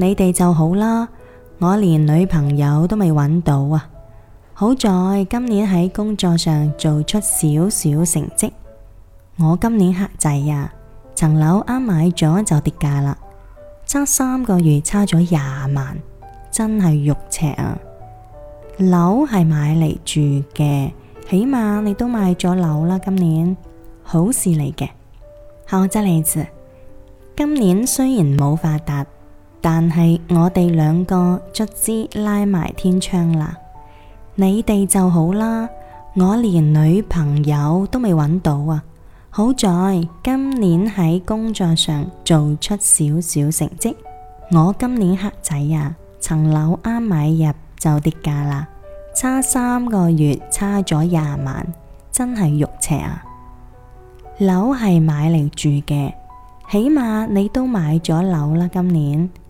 你哋就好啦，我連女朋友都未揾到啊。好在今年喺工作上做出少少成績。我今年黑仔啊，層樓啱買咗就跌價啦，差三個月差咗廿萬，真係肉赤啊！樓係買嚟住嘅，起碼你都買咗樓啦。今年好事嚟嘅，好真例子。今年雖然冇發達。但係我哋兩個卒之拉埋天窗啦，你哋就好啦。我連女朋友都未揾到啊！好在今年喺工作上做出少少成績。我今年黑仔啊，層樓啱買入就跌價啦，差三個月差咗廿萬，真係肉赤啊！樓係買嚟住嘅，起碼你都買咗樓啦，今年。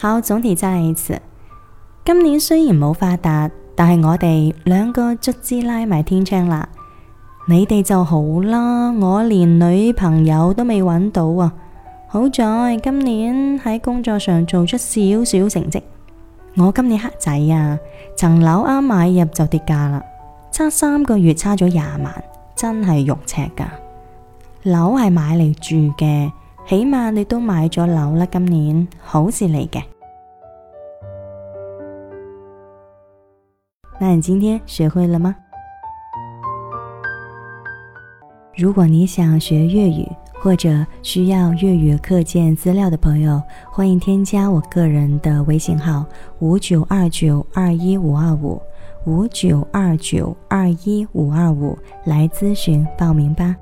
好，總之再嚟一次。今年雖然冇發達，但係我哋兩個卒之拉埋天窗啦。你哋就好啦，我連女朋友都未揾到啊！好在今年喺工作上做出少少成績。我今年黑仔啊，層樓啱買入就跌價啦，差三個月差咗廿萬，真係肉赤㗎。樓係買嚟住嘅。起碼你都買咗樓啦，今年好事嚟嘅。那你今天學會了嗎？如果你想學粵語或者需要粵語課件資料的朋友，歡迎添加我個人的微信號五九二九二一五二五五九二九二一五二五來諮詢報名吧。